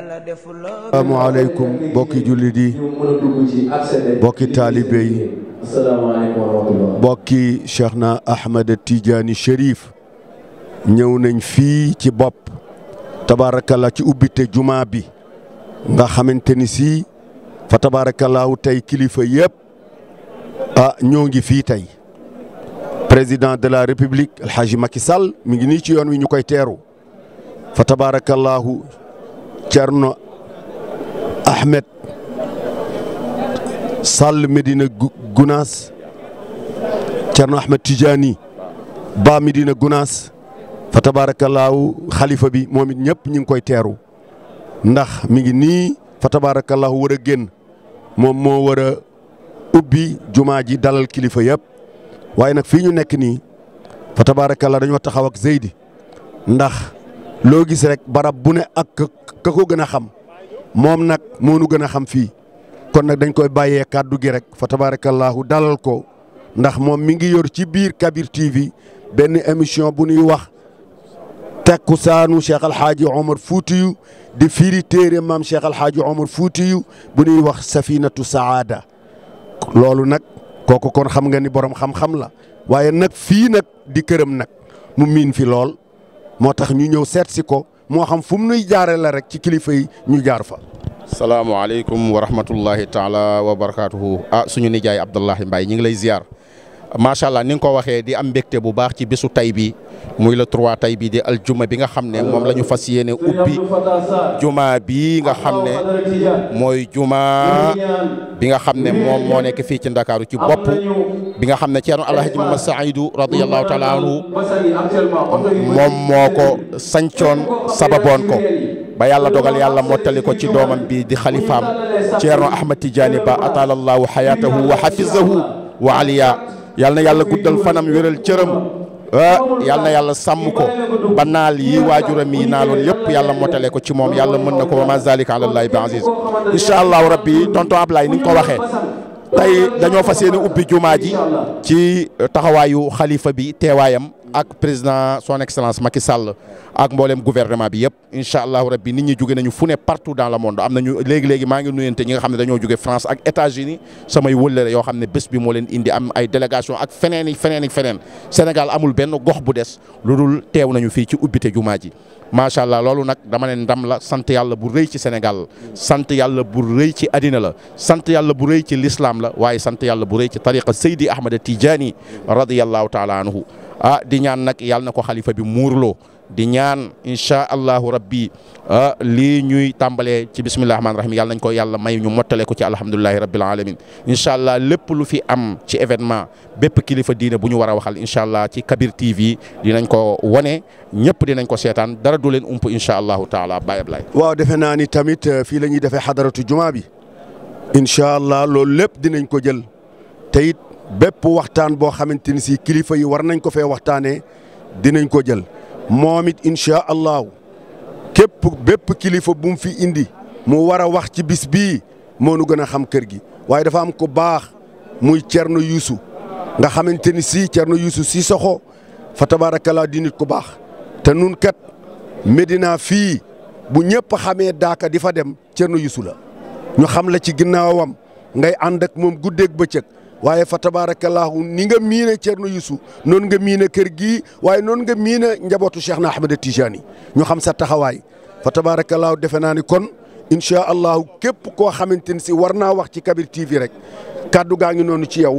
asalaamaaleykum bokki jullit yi bokki taalibe yi bokki Cheikhna Ahmed Tidiane Chérif ñëw nañ fii ci bopp tabaarakallaa ci ubbite jumaa bi nga xamante ni si fa tabaarakallaahu tey kilifa yëpp ah ñoo ngi fii tey président de la république El Hadji Macky mi ngi nii ci yoon wi ñu koy teeru fa tabaarakallaahu Cerno Ahmed Sall Medina Gunaas Cerno Ahmed Tidiane Ba Medina Gunaas fa xalifa bi moom it ñëpp ñu ngi koy teeru ndax mi ngi nii fa war a génn moom moo war a ubbi jumaa ji dalal kilifa yëpp waaye nag fii ñu nekk nii fa tabaarakallaahu dañoo taxaw ak Zeydi ndax. loo gis rek barab bu ne ak ka ko gën a xam moom nag moo nu gën a xam fii kon nag dañ koy bàyyee kàddu gi rek fa tabaarakallaahu dalal ko ndax moom mi ngi yor ci biir Kabir TV benn émission bu nuy wax tekku saanu Cheikh Al Hadj Omar Foutiyu di firi téere maam Cheikh Al Hadj fuuti Foutiyu bu ñuy wax safinatu saada loolu nag kooku kon xam nga ni boroom xam-xam la waaye nag fii nag di këram nag mu miin fi lool. moo tax ñu ñëw seet si ko moo xam fu mu nuy jaare rek ci kilifa yi ñu jaar fa. salaamaaleykum wa rahmatullahi taala wa barakaatuhu ah suñu nijaay Abdullahi Mbaye ñu ngi lay ziar. macha allah ni ko waxee di am mbégte bu baax ci besu tay bi muy le trois tay bi di aljuma bi nga xam ne moom la ñu fas yéene ubbi juma bi nga xam ne mooy juma bi nga xam ne moom moo nekk fii ci ndakaaru ci bopp bi nga xam ne ceerno alhaji mama saidu radiallahu taala anhu moom moo ko sancoon sababoon ko ba yàlla dogal yàlla mottali ko ci doomam bi di xalifaam ceerno ahmad tijaani ba atalallahu xayatahu wa xafizahu wa aliya yal na yàlla guddal fanam wéral cëram ah, yal na yàlla sàmm ko ba naal yi waajuram yi naaloon yëpp yàlla motale ko ci moom yàlla mën na ko wa ma zalika ala llahi bi aziz allahu rabbi tonton Ablaye ni ko waxe tey dañoo fas yéene ubbi jumaa ji ci taxawaayu xalifa bi teewaayam ak président son excellence Macky Sall ak mbooleem gouvernement bi yëpp incha allahu rabbi nit ñi jóge nañu fu ne partout dans le monde am nañu léegi léegi maa ngi nuyante ñi nga xam ne dañoo jóge France ak États-Unis samay wëllëre yoo xam ne bés bi moo leen indi am ay délégation ak feneen i feneen i feneen Sénégal amul benn gox bu des lu dul teew nañu fii ci ubbite jumaa ji macha allah loolu nag dama ne ndam la sant yàlla bu rëy ci Sénégal sant yàlla bu ci àddina la ndam la waaye sant yàlla bu rëy ci tariqa Seydi Ahmada Tijaani radiyallahu taala anhu ah di ñaan nag yàlla na ko xalifa bi muurloo di ñaan incha allahu rabbi ah lii ñuy tàmbalee ci bisimilah rahmaani rahiim yàlla nañ ko yàlla may ñu mottale ko ci alhamdulilahi rabbil alamin incha allah lépp lu fi am ci événement bépp kilifa diine bu ñu war a waxal incha allah ci Kabir TV dinañ ko wane ñëpp dinañ ko seetaan dara du leen ump incha allahu taala baay Ablaay waaw defe naa ni eh, incha allah loolu lépp dinañ ko jël te it bépp waxtaan boo xamante ni si kilifa yi war nañ ko fee waxtaanee dinañ ko jël moom it incha allah képp bépp kilifa bu mu fi indi mu war a wax ci bis bii moo nu gën a xam kër gi waaye dafa am ko baax muy Thierno Youssou nga xamante ni si Thierno si Cissokho fa tabaarakallaa di nit ku baax te nun kat Medina fii bu ñëpp xamee daaka di fa dem Thierno Youssou la. ñu xam la ci ginnaawam ngay ànd ak moom guddeeg bëccëg waaye fa tabaarakallaahu ni nga miine Thierno Youssou noonu nga miine kër gi waaye noonu nga miine njabootu Cheikh na Ahmed Tijani ñu xam sa taxawaay fa tabaarakallaahu defe naa ni kon incha allahu képp koo xamante ni si war naa wax ci Kabir TV rek kàddu gaa ngi noonu ci yow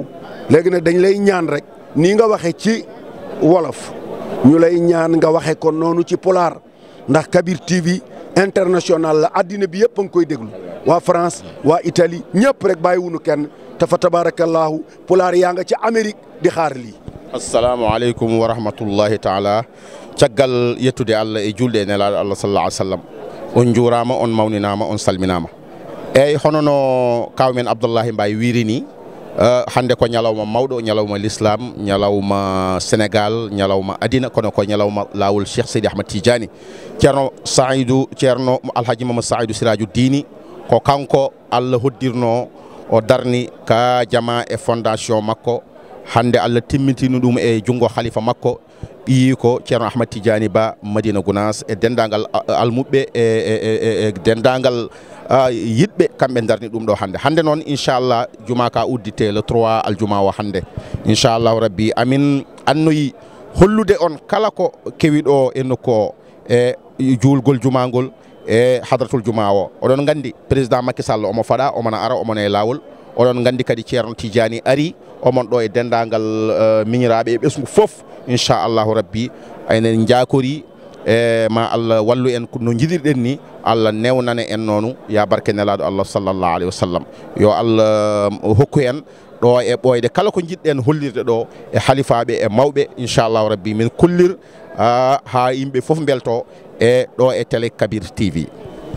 léegi nag dañ lay ñaan rek nii nga waxe ci wolof ñu lay ñaan nga waxe kon noonu ci pulaar ndax Kabir TV. international la addina bi yëpp a ngi koy déglu waa France waa Italie ñëpp rek bàyyiwunu kenn te fa tabaarakallaahu yaa nga ci Amérique di xaar lii. asalaamaaleykum wa rahmatullahi taala caggal yettude allah e julde e allah sallah alih sallam on hono no kawmen abdoullahi mbawi wiiri ni Euh, hannde ko ñalawma mawɗo ñalawma l'islam ñalawma sénégal ñalawma adina kono ko ñalawma lawol cheikh seydi ahmad tidiani ceerno saidou ceerno alhaji mamadou saidou ko kanko allah hoddirno o darni ka jama e fondation makko hannde allah timmitino ɗum e junngo halifa makko ɓiyi ko ahmad tidiani ba madina gounas e dendagal almuɓɓe e, e, e, e dendagal Euh, yiɗɓe kamɓe darni ɗum ɗo hannde hannde noon inchallah juma ka uddite le 3 aljuma o hannde inchallahu rabbi amin annoyi hollude on kala ko kewiɗo e nokku o e juma ngol e hadratul juma o oɗon nganndi président makky sall omo faɗa omona ara omona e laawol oɗon nganndi kadi ceerno tidiani ari omon ɗo e denndaangal euh, miñiraaɓe e ɓesngu fof inchallahu rabbi enen jaakori e ma allah wallu en no jiɗirɗen ni allah newnana en noon ya barke nelaɗo allah sallllahu allah um, hokku en ɗo e ɓoyde kala ko jiɗɗen hollirde ɗo e halifaɓe e mawɓe inchallahu rabbi min kollir ha yimɓe foof belto e ɗo e télé tv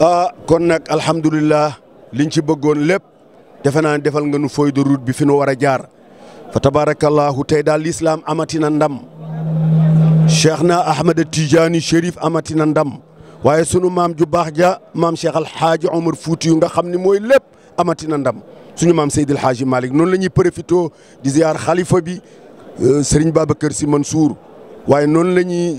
a kon nag alhamdoulillah liñ ci bëggoon lépp defe naa defal nga nu feuille bi fi nu a jaar fa tabarakallahu l'islam amatina ndam cheikh na Ahmed Tidiane Chérif amati na ndam waaye sunu maam ju baax ja maam Cheikh Al Hadj Omar Fouti yu nga xam ni mooy lépp amati na ndam suñu maam Seydil Hadji Malick noonu la ñuy profité di ziar xalifa bi euh, Serigne Babacar Sy Mansour waaye noonu la ñuy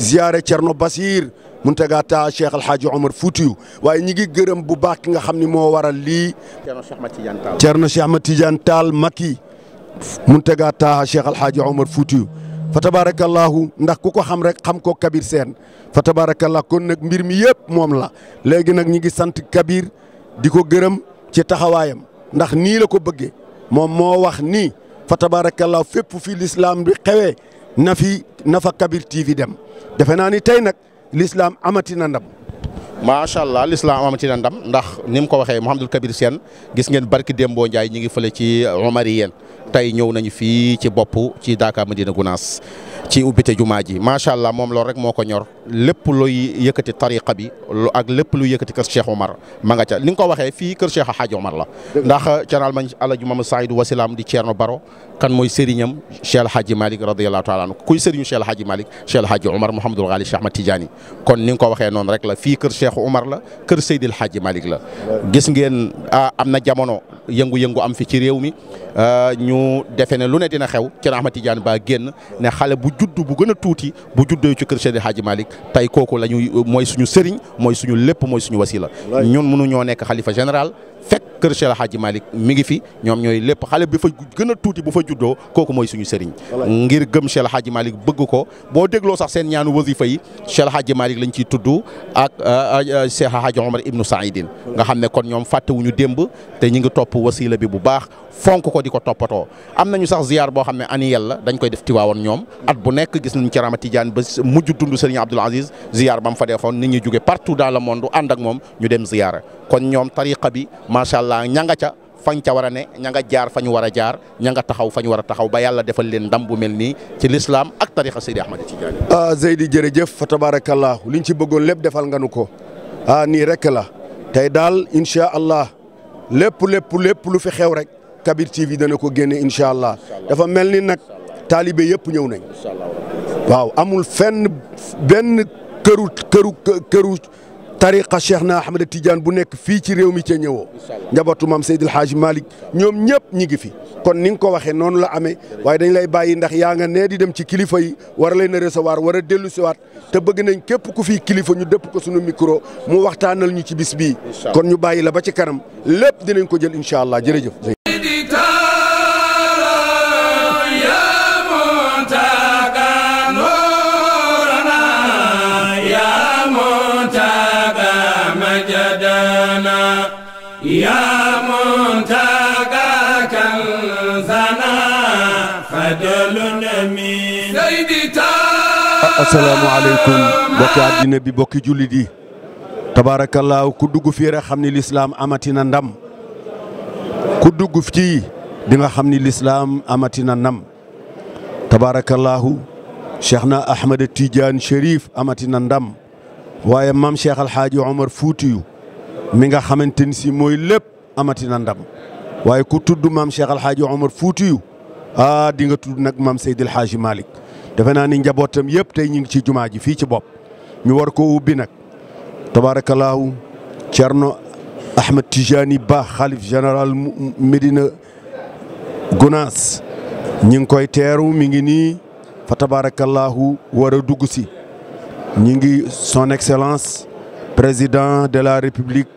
ziare Thierno Basir Mountaga Tall Cheikh Al Hadj Omar Fouti yu waaye ñi ngi gërëm bu baax ki nga xam ni moo waral lii. Thierno Cheikh Ahmed Tidiane Tall Thierno Cheikh Ahmed Tidiane Tall Maki Mountaga Tall Cheikh Al Hadj Omar Fouti yu fa tabaarakallaahu ndax ku ko xam rek xam ko Kabir Sène fa tabaarakallaahu kon nag mbir mi yëpp moom la léegi nag ñi ngi sant Kabir di ko gërëm ci taxawaayam ndax nii la ko bëggee moom moo wax ni fa tabaarakallaahu fépp fi lislaam bi xewe na fi na fa Kabir TV dem defe naa ni tey nag lislaam amati na ndam macha allah lislaam ma ci na ndam ndax ni mu ko waxee Mouhamadul Kabir Sène gis ngeen barki Dembo Ndiaye ñi ngi fële ci Omar yéen tey ñëw nañu fii ci boppu ci Daaka Medina Gounass ci ubbite jumaa ji macha allah moom loolu rek moo ko ñor lépp luy yëkkati tariqa bi ak lépp luy yëkkati kër Cheikh Omar ma nga ca ko waxee fii kër Cheikh Hadj Omar la. ndax Thierno Alhaji Mamadou Saïd Wasilam di Thierno Baro kan mooy sëriñam Cheikh El Hadj Malick radiyallahu taala anhu kuy sëriñu Cheikh El Hadj Malick Cheikh El kon ni ko waxee noonu rek la fii kër Cheikh Omar la kër Seydil Hadj Malick la. gis ngeen ah, am na jamono yëngu-yëngu am fi ci réew mi euh, ñu defe ne lu ne dina xew Thierno Ahmed Tidiane Ba génn ne xale bu judd bu gën a tuuti bu juddoo ci kër Seydi Hadji Malick tey kooku la ñuy mooy suñu sëriñ mooy suñu lépp mooy suñu wasila ñun ñoo nekk xalifa général kër Cheikh Hadji Malick mi ngi fi ñoom ñooy lépp xale bi fa gën a tuuti bu fa juddoo kooku mooy suñu sëriñ ngir gëm Cheikh Hadji Malick bëgg ko boo dégloo sax seen ñaanu wasifa yi Cheikh Hadji Malick lañ ciy tudd ak euh, euh, Cheikh Hadji Omar Ibnu Saïdine nga xam ne kon ñoom ñu démb te ñi ngi topp wasila bi bu baax fonk ko di ko toppatoo am nañu sax ziar boo xam ne annuel la dañ koy def Tiwaawoon ñoom at bu nekk gis nañu Cerama a ba mujj dund Serigne Abdoul Aziz ziar ba mu fa defoon nit ñi jóge partout dans le monde ànd ak moom ñu dem ziar kon ñoom tariqa bi macha allah ñanga ca fañ ca war a ne ña nga jaar fa ñu war a jaar ñanga nga taxaw fa ñu war a taxaw ba yàlla defal leen ndam bu mel ni ci lislaam ak tariqa Seydi Ahmad Tidiane. ah Zeydi jërëjëf fa tabarakallah liñ ci bëggoon lépp defal nga nu ko ah nii rek la tey daal incha allah lépp lépp lépp lu fi xew rek Kabir TV dana ko génne incha allah dafa mel ni nag taalibe yëpp ñëw nañ waaw amul fenn benn këru këru këru tariqa Cheikh na Ahmed Tidiane bu nekk fii ci réew mi cee ñëwoo njabootu maam Seydil Hadji Malick ñoom ñëpp ñi gi fi kon ni nga ko waxee noonu la amee waaye dañ lay bàyyi ndax yaa nga nee di dem ci kilifa yi war leen a recevoir war a dellu siwaat te bëgg nañ képp ku fi kilifa ñu dëpp ko sunu micro mu waxtaanal ñu ci bis bii kon ñu bàyyi la ba ci kanam lépp dinañ ko jël incha allah asalaamaaleykum mbokki àddina bi bokki jullit yi tabaarakallaahu ku dugg fii rek xam ni lislaam amatina ndam ku dugg fii di nga xam ni lislaam amatina ndam tabaarakallaahu cheikh na Ahmed Tidiane Chérif amatina ndam waaye maam cheikh Alxaaji Omar Fuutiyu mi nga xamante ni si mooy lépp amati na ndam waaye ku tudd maam Cheikh Al Hadj Omar Foutiyu ah di nag maam Seydi El Hadj defe naa ni njabootam yëpp tey ñu ngi ci jumaa ji fii ci bop ñu war ko ubbi nag tabaarakallaahu Cerno Ahmed Tijani Ba xalif général Medina Gunaas ñi ngi koy teeru mi ngi nii fa tabaarakallaahu war a dugg si ñi ngi son excellence président de la république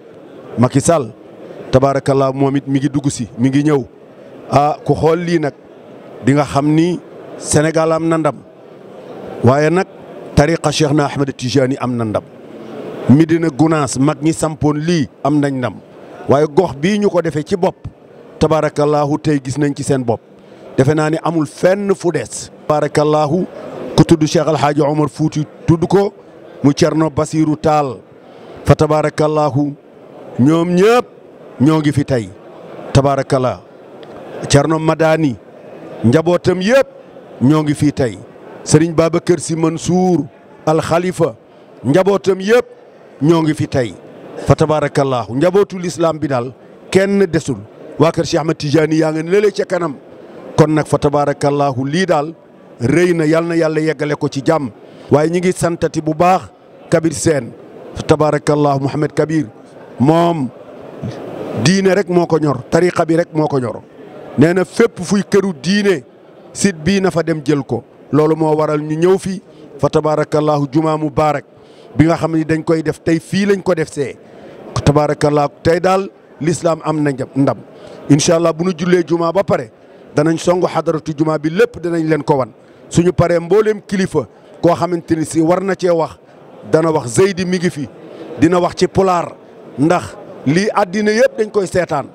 Macky Sall tabaarakallaa moom it mi ngi dugg si mi ngi ñëw a ah, ku xool lii nag di nga xam ni Sénégal am na ndam waaye nag tariqa Cheikh na Ahmed Tijani am na ndam Medina Gunaas mag ñi sampoon lii am nañ ndam waaye gox bii ñu ko defee ci bopp tabaarakallaahu tey gis nañ ci seen bopp defe naa ni amul fenn fu des. tabaarakallaahu ku tudd Cheikh El Hadj Omar Fouti tudd ko mu Cerno Basiru Taal fa tabaarakallaahu ñoom ñëpp ñoo ngi fi tey tabaarakala Cerno Madani njabootam yëpp ñoo ngi fii tey sëriñ si Sy Mansour alxalifa njabootam yëpp ñoo ngi fi tey fa tabaarakallaahu njabootu lislaam bi daal kenn desul waa kër Cheikh Ahmed Tidiane yaa nga lële ca kanam kon nag fa tabaarakallaahu lii daal rëy na yal na yàlla yeggale ko ci jàmm waaye ñi ngi santati bu baax Kabir Sène fa tabaarakallaahu Mouhamed Kabir moom diine rek moo ko ñor tariqa bi rek moo ko ñor nee na fépp fuy këru diine sit bii na fa dem jël ko loolu moo waral ñu ñëw fi fa tabarakallahu jumaa mubaarak bi nga xam ni dañ koy def tey fii lañ ko def see tabarakallahu tey daal l'islam am na ndam incha allah bu nu jullee jumaa ba pare danañ song xadaratu jumaa bi lépp danañ leen ko wan suñu paree mbooleem kilifa koo xamante ni si war na cee wax dana wax zeydi mi ngi fi dina wax ci pulaar ndax lii àddina yëpp dañ koy seetaan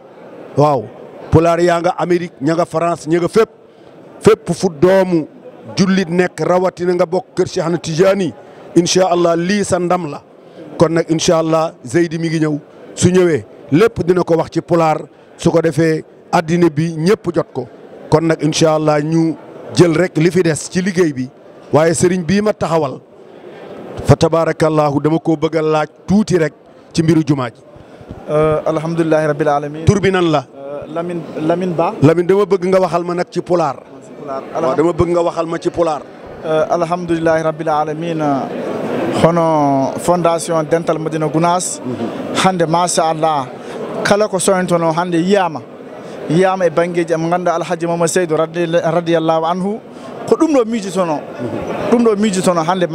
waaw pulaar yaa nga Amérique ña nga France ña nga fépp fépp fu doomu jullit nekk rawatina nga bokk kër Cheikh na Tidiane incha allah lii sa ndam la kon nag incha allah Zeydi mi ngi ñëw su ñëwee lépp dina ko wax ci pulaar su ko defee àddina bi ñëpp jot ko kon nag incha allah ñu jël rek li fi des ci liggéey bi waaye sëriñ bii ma taxawal fa tabaarakallaahu dama ko bëgg laaj tuuti rek. ci mbiru jumaa ji. Euh, alhamdulilah rabil alamin tur bi nan la. Euh, ba. Lamine dama bëgg nga waxal ma nag ci pulaar. waaw dama bëgg nga waxal ma ci pulaar. Euh, alhamdulilah rabil alamin hono fondation dental madina gounas mhm. hande machallah kala ko soyintono hande yiyama yiyama e banggueji emo ganduɗa alhaji mamadou seydou radiallahu anhu ko ɗum ɗo miijotono mhm. ɗum ɗo miijotono hande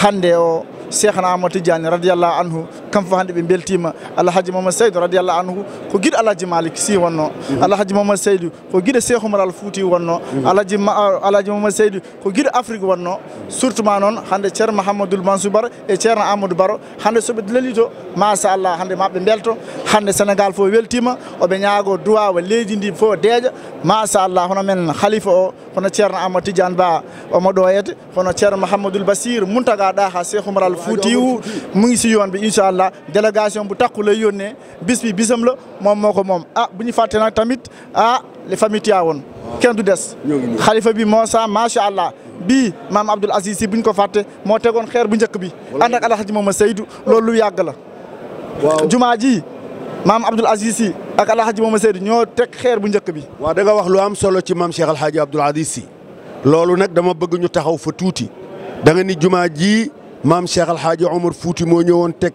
hande o cheikhana ahmad tidiani radiallahu anhu kam fo hannde ɓe beltima alhaji mamadou saydou radiallahu anhu ko guiɗo alhaji malik si wonno mhm. alhaji mamadou saydou ko guiɗo cheikh oumar al fouti wonno mhm. alhaji alhaji mamadou saydou ko guiɗo afrique wonno surtout ma noon hannde ceerno mahamadoul mansou bara e ceerno amadou baro hannde soɓe lelito machallah hannde maɓe belto hannde sénégal fof weltima oɓe ñaago duwawa leydi ndi fof deeƴa machallah hono men halifa o hono ceerno amadou tidiane ba omo ɗoyede hono ceerno mahamadoul basir muntaga ɗa ha cheikh oumar al foutiyu mugi si bi ɓe allah délégation bu takku ley yonne bispi bisam la moom moo ko moom a ah, bu ñu fàtte nag tamit a ah, les famille Tivaouane kenn du des xalifa bi Moussa macha allah bii maam Abdoul Aziz si bu ko fàtte moo tegoon xeer bu njëkk bi ànd ak alhaji moom a Seydou loolu lu yàgg la jumaa ji maam Abdoul Aziz Sy ak Alhaji Mama Seydi ñoo teg xeer bu njëkk bi. waaw danga wax lu am solo ci maam Cheikh Alhaji Abdoul Aziz Sy loolu nag dama bëgg ñu taxaw fa tuuti danga nga ni jumaa ji maam Cheikh Alhaji Omar fuuti moo ñëwoon teg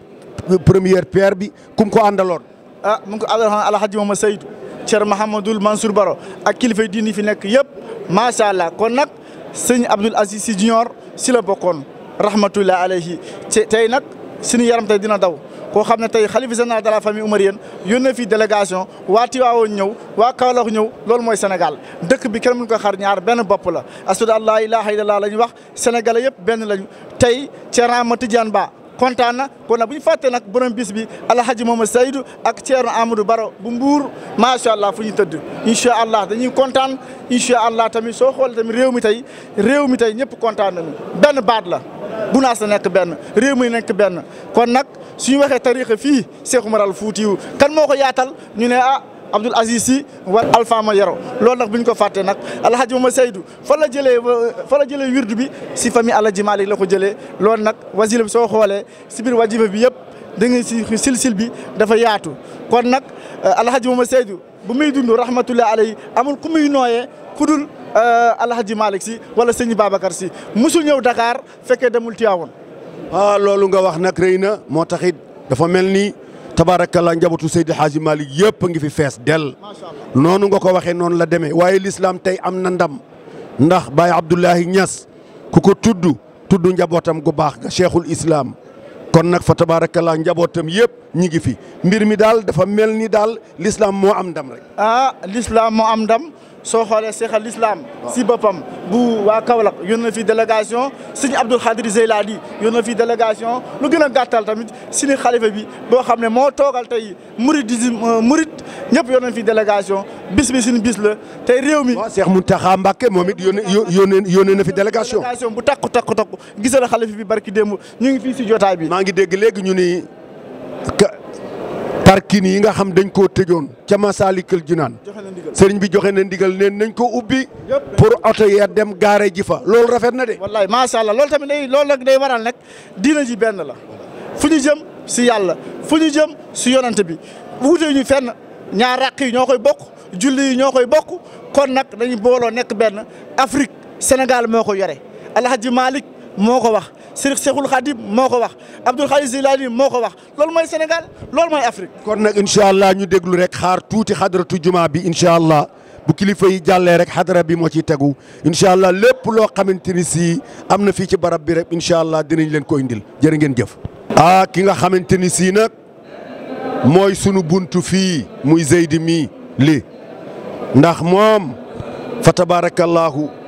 première pierre bi kum ko àndaloon. ah mu ngi ko àndaloon Alhaji Mama Seydi Cheikh Mahamadul Mansour Baro ak kilifa diini fi nekk yëpp macha allah kon nag sëñ Abdoul Aziz junior si la bokkoon rahmatulah aleyhi tey nag suñu yaram tey dina daw. koo xam ne tey dara général de la famille omarienne yónnee fii délégation waa Tiwaawoon ñëw waa Kaolack ñëw loolu mooy Sénégal dëkk bi kenn mënu ko xar ñaar benn bopp la asadu an laa ilaaha illallaah la ñu wax sénégalais yëpp benn lañu tey Ceerno Ahmad Tidiane Ba kontaan na kon bu ñu fàtte nag borom bis bi alhaji Momadou Seydou ak Thierno Amadou Baro bu mbuur macha allah fu ñu tëdd incha allah dañuy kontaan incha allah tamit soo xoolee tamit réew mi tey réew mi tey ñëpp kontaan nañu benn baat la bu naas nekk benn réew mi nekk benn kon nag suñu waxee tarixa fii Cheikh Oumar Al Foutiyou kan moo ko yaatal ñu ne ah. Abdoul Aziz Sy war Alpha ma yaro loolu nag bu ñu ko fàttee nag alhaji ma Seydou fa la jëlee fa la jëlee wirdu bi si famille alhaji Malick la ko jëlee lool nag wasila bi soo xoolee si biir wajiba bi yëpp da nga si silsil bi dafa yaatu kon nag alhaji ma Seydou bu muy dund rahmatullahi alayhi amul ku muy nooyee kudul dul alhaji eh, Malick Sy wala sëñ Babacar si musul ñëw dakaar fekkee demul Tiwaawoon. ah loolu nga wax nag rëy na moo taxit dafa mel ni tabaarakallaa njabootu Seydi Hadji Malick yëpp a ngi fi fees dell noonu nga ko waxee noonu la demee waaye lislaam tey am na ndam ndax Baye Abdoulahi ñas ku ko tudd tuddu njabootam gu baax ga cheikhul islaam kon nag fa tabaarakallaa njabootam yëpp ñi ngi fi mbir mi daal dafa mel ni daal lislaam moo am ndam rek. ah lislaam moo am ndam. soo xoolee seexal lislaam si boppam bu waa Kaolack yónn na fi délégation sëñ Abdou Khadir Zeylani yónn na fi délégation lu gën a gàttal tamit si ni xalifa bi boo xam ne moo toogal tey mouridisme euh, murid ñëpp yónn na fi délégation bis bi suñu bis la tey réew mi. waaw Cheikh Mountakha mbake moom it yónnee yónnee na fi délégation. délégation bu takku takku takku gisal xalifa bi barki démb ñu ngi fii si jotaay bi. maa ngi dégg léegi ñu ni parking yi nga xam dañ koo tëjoon ca Masaalikul Jinaan sëriñ bi joxe na ndigal neen nañ ko ubbi pour oto ya dem gaare ji fa loolu rafet na de. wallaay macha allah loolu tamit day loolu nag day waral nag diina ji benn la fu ñu jëm si yàlla fu ñu jëm si yonante bi wuute ñu fenn ñaar ràq yi ñoo koy bokk julli yi ñoo koy bokk kon nag dañu booloo nekk benn Afrique Sénégal moo ko yore a Hadj Malick moo ko wax. Sëriñ Seexul Xadim moo ko wax Abdul Xaadir Jilaani moo ko wax loolu mooy Sénégal loolu mooy Afrique. kon nag incha allah ñu déglu rek xaar tuuti xadaratu jumaa bi incha allah bu kilifa yi jàllee rek xadara bi moo ciy tegu incha allah lépp loo xamante ni si am na fii ci barab bi rek incha allah dinañ leen ko indil jërë ngeen jëf. ah ki nga xamante ni si nag mooy sunu buntu fii muy Zeydi mi li ndax moom fa tabaarakallaahu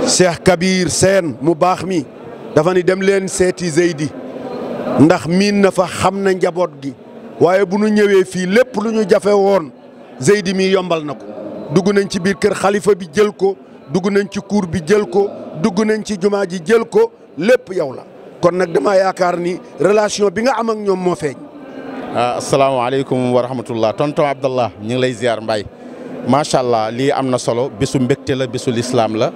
Cheikh Kabir Sène mu baax mi. dafa ni dem leen seeti Zeydi ndax miin na fa xam na njaboot gi waaye bu nu ñëwee fii lépp lu ñu jafe woon Zeydi mii yombal na ko dugg nañ ci biir kër xalifa bi jël ko dugg nañ ci cour bi jël ko dugg nañ ci jumaa ji jël ko lépp yow la kon nag dama yaakaar ni relation bi nga am ak ñoom moo feeñ. Ah, asalaamaaleykum wa rahmatullah tonton Abdallah ñu ngi lay ziar Mbaye macha allah lii am na solo bésu mbégte la bésu lislaam la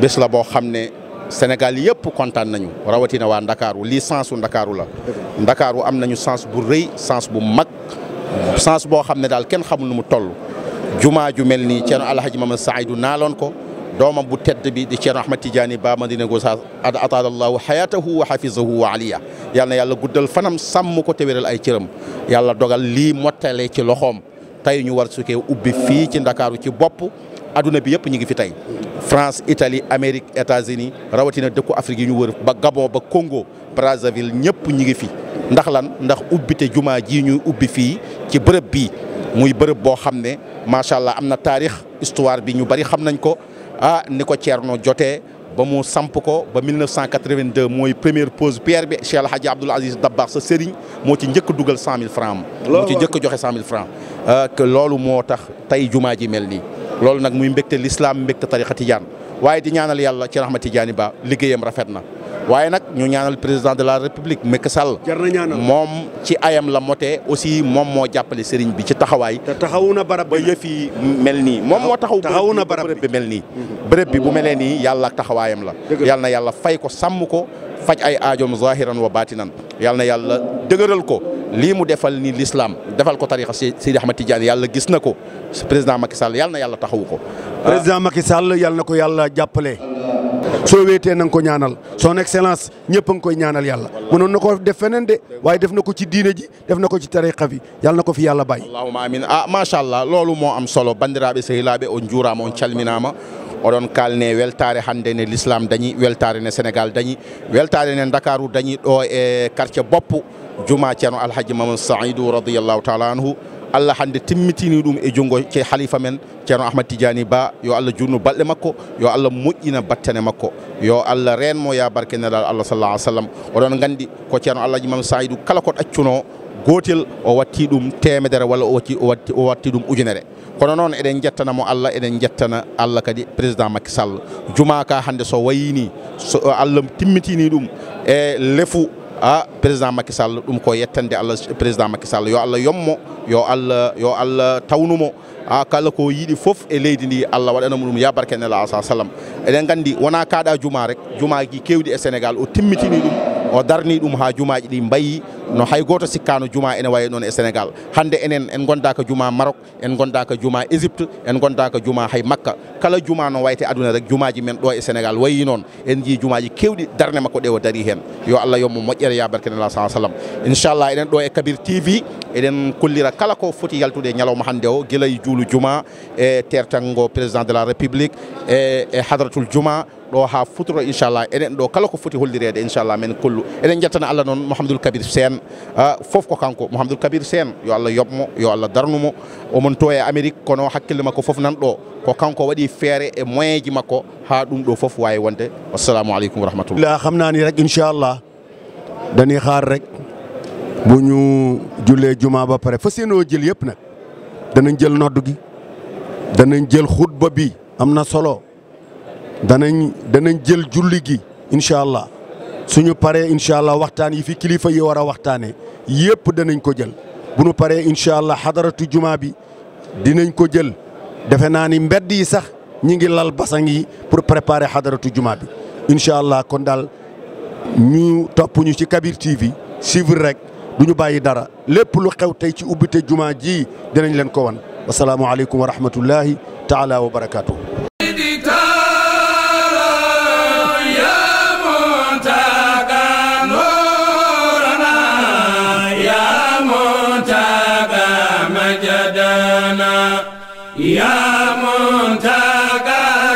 bés la boo xam ne Sénégal yëpp kontaan nañu rawatina waa Ndakaaru lii sens u Ndakaaru la. Ndakaaru am nañu sens bu rëy sens bu mag sens boo xam ne daal kenn xamul nu mu toll. jumaa ju mel nii Ceerno Alhaji Mamadou Saïdou naaloon ko doomam bu tedd bi di Ceerno Ahmad Tidiane Ba Madina Gosa ad ataalallahu hayatahu wa hafizahu wa aliya yal na yàlla guddal fanam sàmm ko te wéral ay cëram yàlla dogal lii mottalee ci loxoom tey ñu war ubbi fii ci Ndakaaru ci bopp. aduna bi yëpp ñu ngi fi tey France Italie Amérique États-Unis rawatina dëkku Afrique yi ñu wër ba Gabon ba Congo Brazzaville ñëpp ñu ngi fi ndax lan ndax ubbite juma ji ñuy ubbi fii ci bërëb bii muy bërëb boo xam ne macha allah am na taarix histoire bi ñu bari xam nañ ko ah ni ko Thierno jotee. ba mu samp ko ba 1982 mooy première pose pierre bi Cheikh El Hadji Abdoul Aziz Dabakh sa sëriñ moo ci njëkk dugal 100000 francs moo ci njëkk joxe 100000 francs euh, loolu moo tax tey jumaa ji mel nii loolu nag muy mbégte l'islam mbégte tarixa tijaan waaye di ñaanal yàlla ci Rahma Tidiane Ba liggéeyam rafet na waaye nag ñu ñaanal président de la république Macky Sall moom ci ayam la motee aussi moom moo jàppale sëriñ bi ci taxawaay te taxawu na barab ba yëf mel nii moom moo taxaw taxawu na barab bi mel nii bërëb bi bu melee nii yàlla taxawaayam la yàlla na yàlla fay ko sàmm ko faj ay aajoom zahiran wa baatinan yàlla na yàlla dëgëral ko lii mu defal ni lislaam defal ko tarixa Seydi Ahmad Tidiane yàlla gis na ko président Macky Sall yàlla na yàlla taxawu ko. président Macky Sall yàlla na ko yàlla jàppale. soo wéetee na ko ñaanal son excellence ñëpp a nga koy ñaanal yàlla mënoon na ko def feneen de waaye def na ko ci diine ji def na ko ci tariqa bi yàlla ko fi yàlla bàyyi. allahumma amin ah macha allah loolu moo am solo bandiraaɓe sehilaaɓe on njuuraama on calminaama oɗon kalne weltare hannde ne l'islam dañi weltare ne sénégal dañi weltare ne dakaru dañi ɗo e quartier boppo juma ceerno alhaji mamadou saidou radiallahu taala anhu allah hannde timmitini e junngo ce men ceerno ahmad tidiani ba yo allah junnu balɗe makko yo allah moƴƴina battane makko yo allah renmo ya barke nelal allah sallah alih oɗon nganndi ko ceerno allahji mam saydou kala ko ɗaccuno gotel o watti ɗum temedere walla o watti ɗum ujunere kono noon eɗen jettanamo allah eɗen jettana allah kadi président makky sall juma ka hannde so wayini so uh, allah timmitini ɗum e lefu a président sall ɗum ko yettande allah président makky sall yo allah yommo yo allah yo allah tawnumo ha kala ko yiiɗi fof e leydi allah waɗanamo ɗum ya barkenela asa sallam eɗen gandi wona kaɗa juma rek juma ji kewɗi e sénégal o timmitini ɗum o darni ɗum ha jumaji ɗi mbayi no hay goto sikkano juma ene wayi noon e sénégal hande enen en gonda ko juma maroc en gonda ko juma égypte en gonda ko juma hay makka kala juma no wayte aduna rek jumaji men ɗo e sénégal wayi noon en jii jumaji kewɗi darde makko ɗe o dari hen yo allah yommo moƴƴere ya barkenela sa sallam inchallah eɗen ɗo e kabir tv eɗen kollira kala ko foti yaltude e ñalawma hannde o guila e juulu e tertango président de la république e e hadratul ɗo ha futuro inchallah enen ɗo kala ko foti hollirede inchallah men kollu eɗen jettana allah noon mouhamadoul kabir sene ah, foof ko kanko mouhamadoul kabir sene yo allah yoɓmo yo allah darnumo omon to e amérique kono hakkille makko foof nan ɗo ko kanko waɗi feere e moyen ji makko ha ɗum ɗo foof wawi wonde wassalamu aleykum wa rahmatullah xam naa ni rek inchallah dañuy xaar rek bu ñu ba pare fa seenoo jël yëpp nag danañ jël nodd gi danañ jël bi am na solo danañ danañ jël julli gi incha allah suñu paree incha allah waxtaan yi fi kilifa yi war a waxtaanee yëpp danañ ko jël bu nu paree incha allah xadaratu jumaa bi dinañ ko jël defe naa ni mbedd yi sax ñi ngi lal basang yi pour préparer xadaratu jumaa bi incha allah kon daal ñu topp ci Kabir TV suivre rek du ñu bàyyi dara lépp lu xew tey ci ubbite jumaa ji dinañ leen ko wan wasalaamualeykum wa rahmatullahi taala wa barakaatu. يا منتقى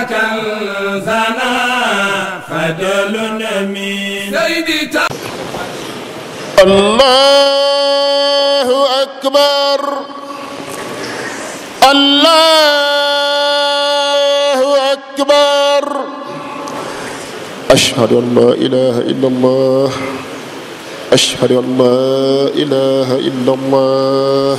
كنزنا فدل من سيدي الله أكبر الله أكبر أشهد أن لا إله إلا الله أشهد أن لا إله إلا الله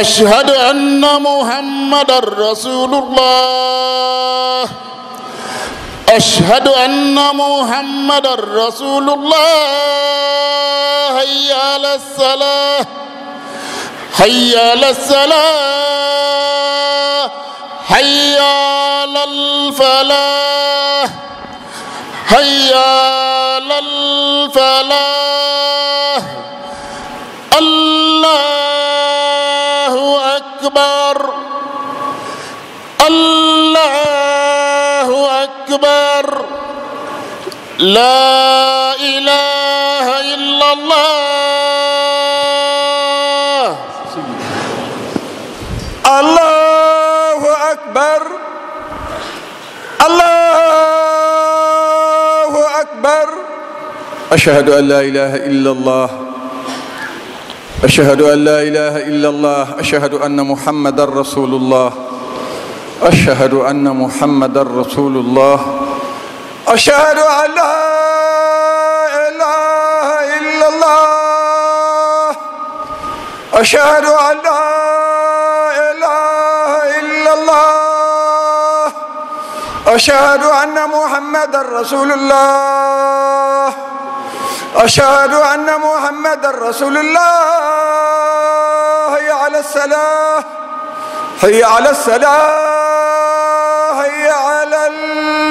أشهد أن محمدا رسول الله أشهد أن محمدا رسول الله حي على الصلاة حي على الصلاة حي على الفلاح حي على الفلاح الله أكبر لا إله إلا الله الله أكبر الله أكبر أشهد أن لا إله إلا الله أشهد أن لا إله إلا الله أشهد أن محمدا رسول الله أشهد أن محمدا رسول الله أشهد أن لا إله إلا الله أشهد أن لا إله إلا الله أشهد أن محمدا رسول الله أشهد أن محمدا رسول الله حي على السلام حي على السلام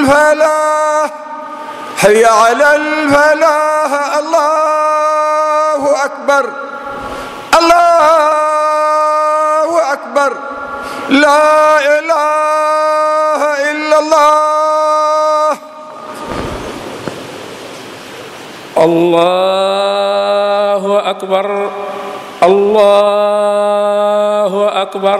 الفلاح حي على الفلاح الله أكبر الله أكبر لا إله إلا الله الله أكبر الله أكبر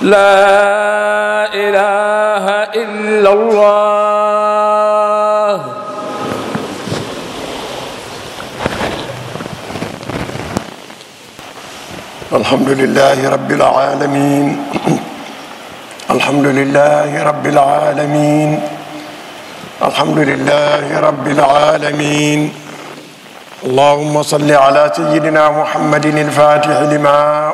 لا إله إلا الله الحمد لله رب العالمين الحمد لله رب العالمين الحمد لله رب العالمين اللهم صل على سيدنا محمد الفاتح لما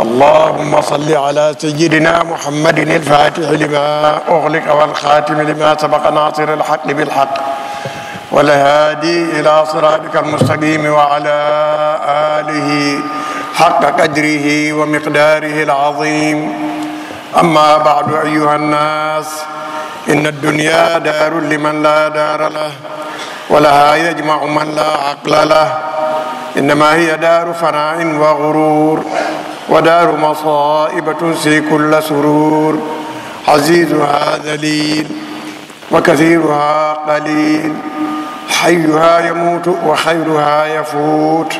اللهم صل على سيدنا محمد الفاتح لما أغلق والخاتم لما سبق ناصر الحق بالحق والهادي إلى صراطك المستقيم وعلى آله حق قدره ومقداره العظيم أما بعد أيها الناس إن الدنيا دار لمن لا دار له ولها يجمع من لا عقل له إنما هي دار فناء وغرور ودار مصائبة في كل سرور عزيزها ذليل وكثيرها قليل حيها يموت وخيرها يفوت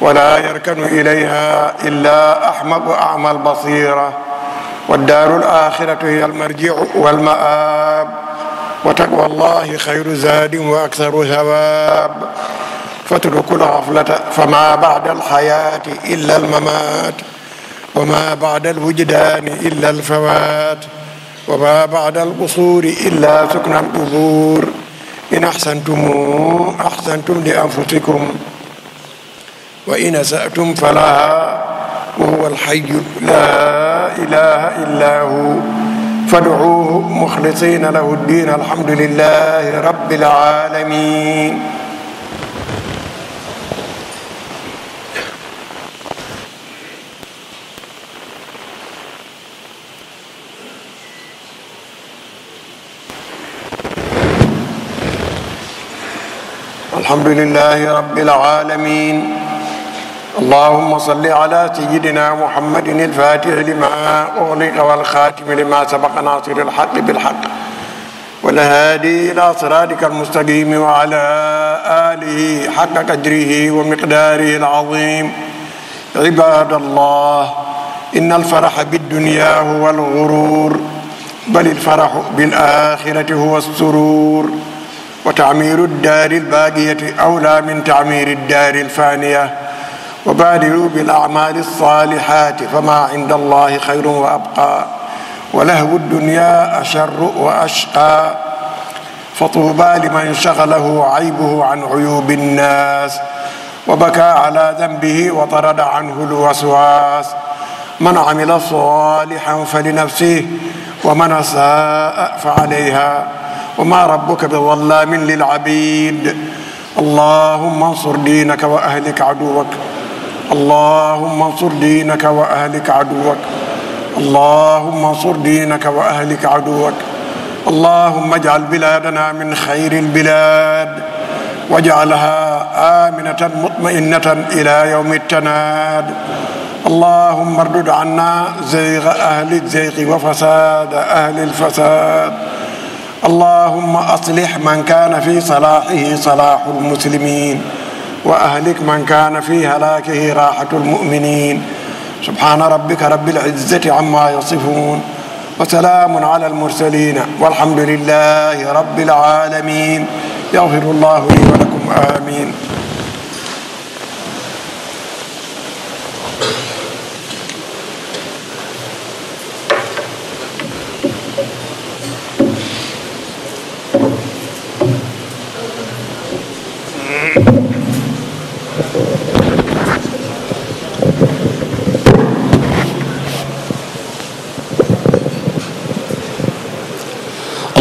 ولا يركن إليها إلا أحمق أعمى البصيرة والدار الآخرة هي المرجع والمآب وتقوى الله خير زاد وأكثر ثواب fatruku alxaflata fa ma baada alxayaati illa almamaat wa ma baada alwujdaani illa alfawaat wa ma baada alqusuuri illa sukna alqubuur in axsantumu axsantum li anfusikum wa in asatum falaha wa huwa alxayu laa ilaha illa hu fadcuuhu muxlisiina lahu ddiin alhamdulilahi rabbil alamin الحمد لله رب العالمين اللهم صل على سيدنا محمد الفاتح لما أغلق والخاتم لما سبق ناصر الحق بالحق والهادي إلى صراطك المستقيم وعلى آله حق قدره ومقداره العظيم عباد الله إن الفرح بالدنيا هو الغرور بل الفرح بالآخرة هو السرور wa taamiru daari lbaadiyati awlaa min taamiri daari lfaaniya wa baadiru bil acmaali saalihaati famaa inda allahi xayrun wa abqaa wa lahwu dunya asharru wa ashqaa fatuuba liman shagalahu caybuhu can cuyuubi nnaas wa bakaa calaa danbihi wa tarada canhu lwaswaas man camila saalihan falinafsihi wa man asaa'a fa calayha وما ربك بظلام للعبيد اللهم انصر دينك واهلك عدوك اللهم انصر دينك واهلك عدوك اللهم انصر دينك واهلك عدوك اللهم اجعل بلادنا من خير البلاد واجعلها امنه مطمئنه الى يوم التناد اللهم اردد عنا زيغ اهل الزيغ وفساد اهل الفساد اللهم أصلح من كان في صلاحه صلاح المسلمين وأهلك من كان في هلاكه راحة المؤمنين سبحان ربك رب العزة عما يصفون وسلام على المرسلين والحمد لله رب العالمين يغفر الله لي ولكم آمين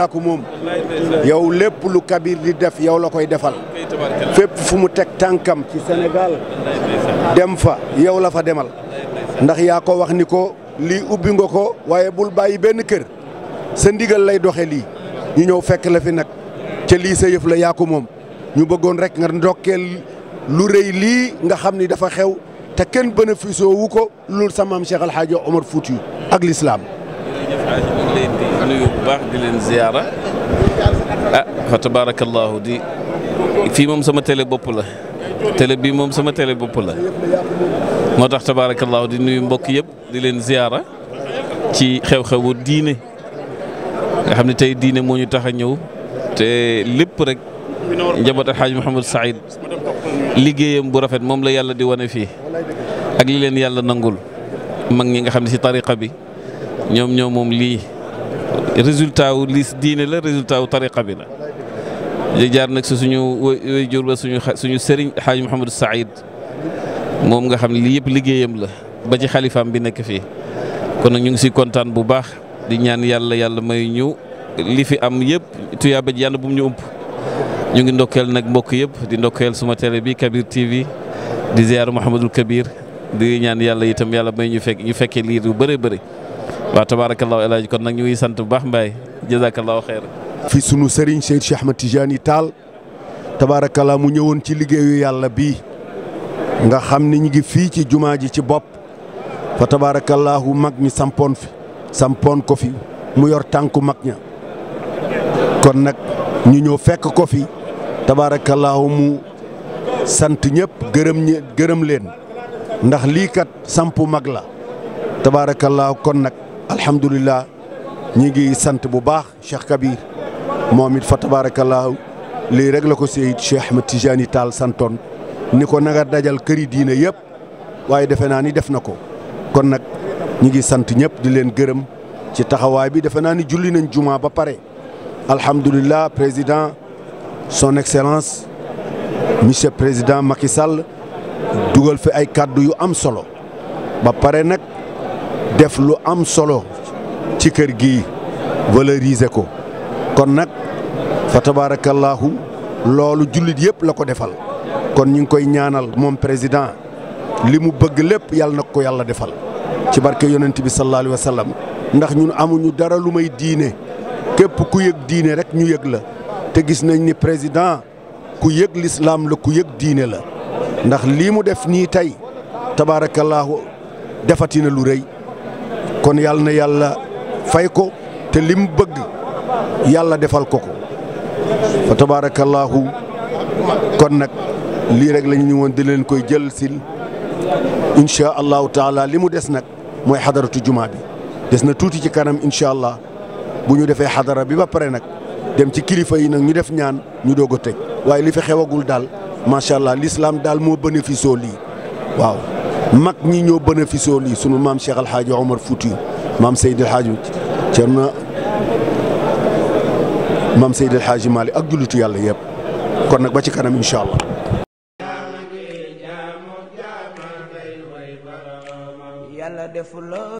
yaa moom yow lépp lu Kabir di def yow la koy defal fépp fu mu teg tànkam ci Sénégal dem fa yow la fa demal ndax yaa ko wax ni ko lii ubbi nga ko waaye bul bàyyi benn kër sa ndigal lay doxe lii ñu ñëw fekk la fi nag ca lii sa yëf la yaa moom ñu bëggoon rek nga ndokkeel lu rëy lii nga xam ni dafa xew te kenn bénéfice wu ko lul samaam Cheikh Al Hadj Omar Foutiyou ak lislaam leen di nuyu baax di leen ziyaara a ah, fa tabaarakallaahu di fii moom sama télé bopp la tele bii moom sama tele bopp la moo tax tabaarakallaahu di nuyu mbokk yépp di leen ziyaara ci xew-xewu diine nga xam ne tey diine moo ñu tax a ñëw te lépp rek njaboot ak xaaj Mouhamadou Saïd liggéeyam bu rafet moom la yàlla di wane fii ak li leen yàlla nangul mag ñi nga xam ne ci tariqa bi ñoom ñoo moom lii résultat wu li diine la résultat wu tariqa bi la jaar nag si suñu way ba suñu suñu sëriñ xaaj Mouhamadou Saïd moom nga xam ne lii yëpp liggéeyam la ba ci xalifaam bi nekk fii kon nag ñu ngi si kontaan bu baax di ñaan yàlla yàlla may ñu li fi am yëpp tuyaaba ji yàlla bu mu ñu ngi ndokkeel nag mbokk yëpp di ndokkeel suma télé bi Kabir TV di ziar Mouhamadul Kabir di ñaan yàlla itam yàlla may ñu fekk ñu fekkee liir yu bëree bëri waaw tabaarakallaahu El Hadj kon nag ñu ngi sant bu baax Mbaye jazakallaahu xeer. fi sunu sëriñ Seyd Cheikh Ahmed Tidiane Tall tabaarakallaahu mu ñëwoon ci liggéeyu yàlla bii nga xam ni ñu ngi fii ci jumaa ji ci bopp fa tabaarakallaahu mag ñi sampoon fi sampoon ko fi mu yor tànku mag ña kon nag ñu ñëw fekk ko fi tabaarakallaahu mu sant ñëpp gërëm gërëm leen ndax liikat kat sampu mag la tabaarakallaahu kon nag. alhamdulilah ñi ngi sant bu baax Cheikh Kabir moom it fa tabaarakallaahu lii rek la ko Seyid Cheikh Ahmed Tijani Tall santoon ni ko na dajal këri diine yëpp waaye defe naa ni def na ko kon nag ñi ngi sant ñëpp di leen gërëm ci taxawaay bi defe naa ni julli nañ jumaa ba pare alhamdulilah président son excellence monsieur président Macky Sall dugal fi ay kàddu yu am solo ba pare nag def lu am solo ci kër gi valoriser ko kon nag fa tabaarakallaahu loolu jullit yëpp la ko defal kon ñu ngi koy ñaanal moom président li mu bëgg lépp yàlla na ko yàlla defal ci barke yonent bi sallallahu alayhi wa sallam ndax ñun amuñu dara lu may diine képp ku yëg diine rek ñu yëg la te gis nañ ni président ku yëg lislaam la ku yëg diine la ndax lii mu def nii tey tabaarakallaahu defati na lu rëy kon yàlla na yàlla fay ko te li bëgg yàlla defal ko ko fa tabaarakallaahu kon nag lii rek lañu ñu woon di leen koy jël sil incha allahu taala li mu des nag mooy xadaratu jumaa bi des na tuuti ci kanam incha allah bu ñu defee xadara bi ba pare nag dem ci kilifa yi nag ñu def ñaan ñu doog ko teg waaye li fi xewagul daal macha allah lislaam daal moo bénéficié lii waaw. mag ñi ñoo bénéficié lii sunu maam Cheikh Al Hadj Omar Foutiou maam Seydi El Hadj Thierno maam Seydi El Hadj Malick ak jullitu yàlla yëpp kon nag ba ci kanam incha